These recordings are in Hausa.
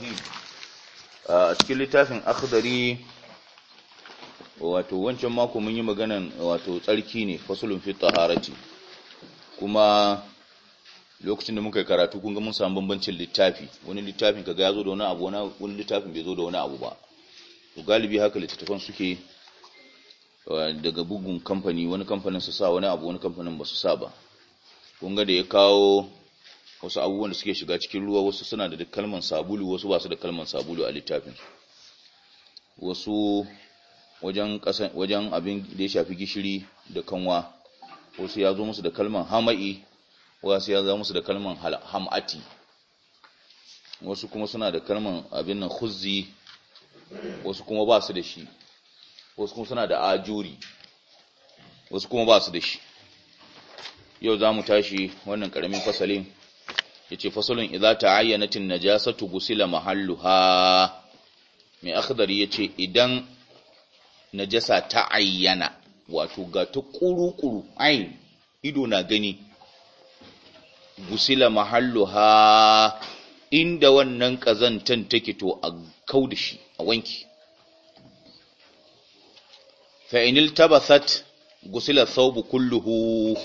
rahim a cikin littafin akhdari wato wancan mako mun yi maganan wato tsarki ne fasulun fi taharati kuma lokacin da muka karatu kun ga mun samu bambancin littafi wani littafin kaga ya zo da wani abu wani littafin bai zo da wani abu ba to galibi haka littattafan suke daga bugun kamfani wani kamfanin su sa wani abu wani kamfanin ba su sa ba kun ga da ya kawo wasu abubuwan da suke shiga cikin ruwa wasu suna da kalman sabulu wasu ba su da kalman sabulu a littafin wasu wajen abin da ya shafi gishiri da kanwa wasu ya zo musu da kalman hama'i wasu ya zo musu da kalman hamati wasu kuma suna da kalman abin nan khuzzi wasu kuma ba su da shi wasu kuma suna da ajuri wasu kuma ba su da shi yau za mu tashi wannan ƙaramin fasalin yace fasalun idza ta'ayyanatin najasatu gusila mahalluha mai akhdari yace idan najasa ta ayyana wato ga ta kuru ayin ido na gani gusila mahalluha inda wannan kazantan take to a kauda shi a wanki fa inil tabasat gusila thawbu kulluhu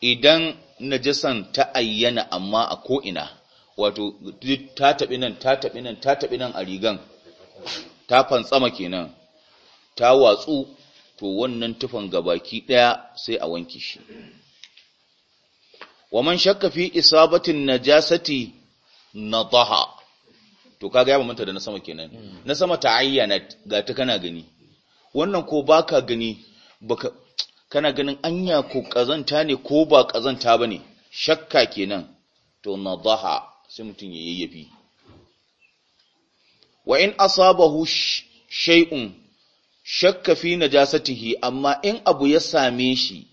idan najasan ta ayyana amma a ko'ina wato ta taɓi nan ta taɓi nan ta taɓi nan a rigan ta fantsama kenan ta watsu to wannan tufan gabaki ɗaya sai a wanke shi wa man shakka fi isabatin najasati nadaha to kaga ya mamanta da na sama kenan hmm. na sama ta ayyana ga ta kana gani wannan ko baka gani baka kana ganin anya ko kazanta ne ko ba kazanta ba ne shakka kenan to nadaha sai mutum ya yayyafi wa in asabahu shay'un shakka fi najasatihi amma in abu ya same shi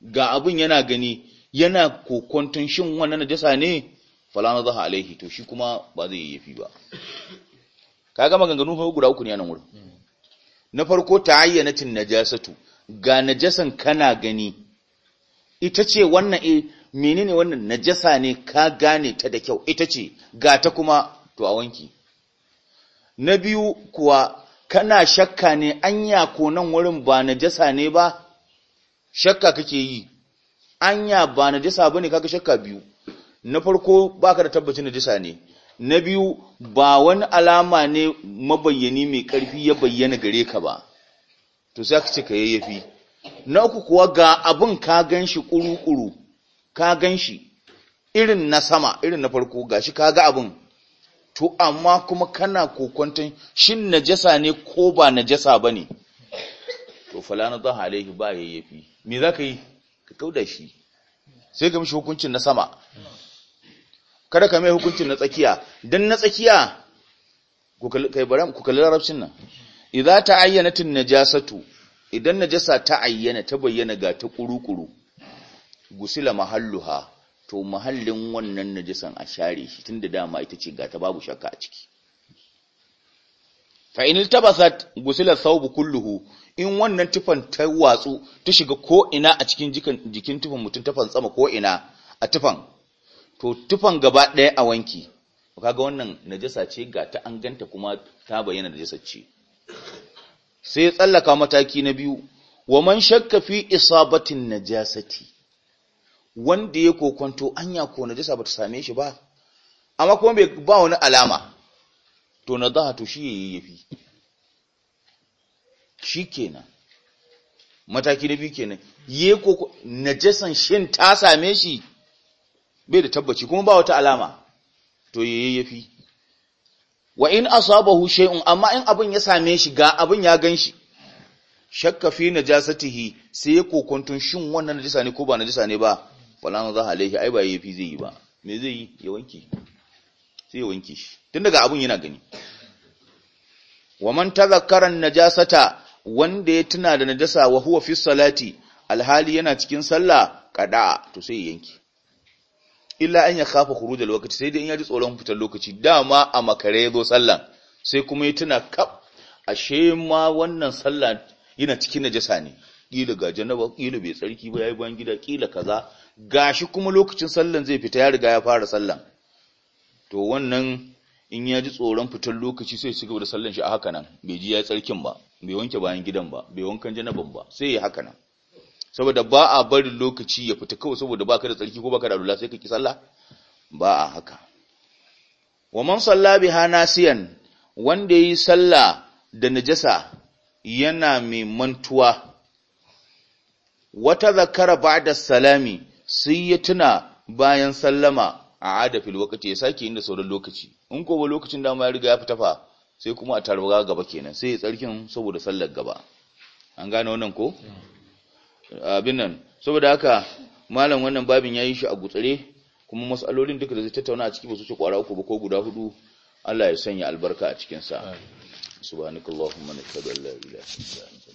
ga abun yana gani yana kokontun shin wannan najasa ne fala nadaha alaihi to shi kuma ba zai yayyafi ba kaga maganganu guda uku ne a nan wurin hmm. na farko ta ayyanatin najasatu ga najasan kana gani ita ce wannan e menene wannan najasa ne ka gane ta da kyau ita ce ga ta kuma to a wanki na biyu kuwa kana shakka ne anya ko nan wurin ba najasa ne ba shakka kake yi anya ba najasa bane kaga shakka biyu na farko baka da tabbacin najasa ne na biyu ba wani alama ne mabayyani mai karfi ya bayyana gare ka ba to sai ka ce ka yayyafi na uku kuwa ga abin ka gan shi ƙuru-ƙuru ka gan shi irin na sama irin na farko ga shi ka ga abin to amma kuma kana kokwantan shin najasa ne ko ba najasa ba ne to falana zan halayhi ba yayyafi me za ka yi ka kauda shi sai ka mishi hukuncin na sama kada ka mai hukuncin na tsakiya don na tsakiya ku kalli larabcin nan idza ta'ayyanatin najasatu idan najasa ta ayyana ta bayyana ga ta kurukuru gusila mahalluha to mahallin wannan najasan a share shi tunda dama ita ce ga ta babu shakka a ciki fa in iltabasat gusila thawbu kulluhu in wannan tufan ta watsu ta shiga ko ina a cikin jikin jikin tufan mutun ta fantsama ko ina a tufan to tufan gaba ɗaya a wanki kaga wannan najasa ce ga ta an ganta kuma ta bayyana najasa ce sai ya tsallaka mataki na biyu wa man shakka fi isabatin najasati wanda ya kokonto anya ko najasa bata same shi ba amma kuma bai ba wani alama to za to shi yayyafi shikenan mataki na biyu kenan ye ko najasan shin ta same shi bai da tabbaci kuma ba wata alama to yayyafi wa in asabahu shay'un amma in abun ya same shi ga abun ya ganshi shakka fi najasatihi sai ya kokuntun shin wannan najasa ne ko ba najasa ne ba falan za alaihi ai ba yafi zai yi ba me zai yi ya wanke sai ya wanke shi tun daga abun yana gani wa man tazakkara najasata wanda ya tuna da najasa wa huwa fi salati alhali yana cikin sallah kada to sai ya yanke illa an ya kafa da lokaci sai dai in ya ji tsoron fitar lokaci dama a makare ya zo sallan sai kuma ya tuna kaf ashe ma wannan sallan yana cikin najasa ne kila ga janaba kila bai tsarki ba yayi bayan gida kila kaza gashi kuma lokacin sallan zai fita ya riga ya fara sallan to wannan in ya ji tsoron fitar lokaci sai shiga da sallan shi a haka nan bai ji ya tsarkin ba bai wanke bayan gidan ba bai wankan janaban ba sai ya haka nan saboda ba a bari lokaci ya fita kawai saboda ba ka da tsarki ko ba ka da alula sai ka ki sallah ba a haka wa man salla biha nasiyan wanda yi sallah da najasa yana mai mantuwa wata zakara da salami sai ya tuna bayan sallama a adafin wakati ya sake inda sauran lokaci in ko ba lokacin da ma ya riga ya fita fa sai kuma a tarwaga gaba kenan sai ya tsarkin saboda sallar gaba an gane wannan ko abin nan saboda haka malam wannan babin yayi shi a gutsare kuma masalolin duka da zai tattauna a ciki ba su ce kwara uku ba ko guda hudu Allah ya sanya albarka a cikinsa. sa subhanakallahumma wa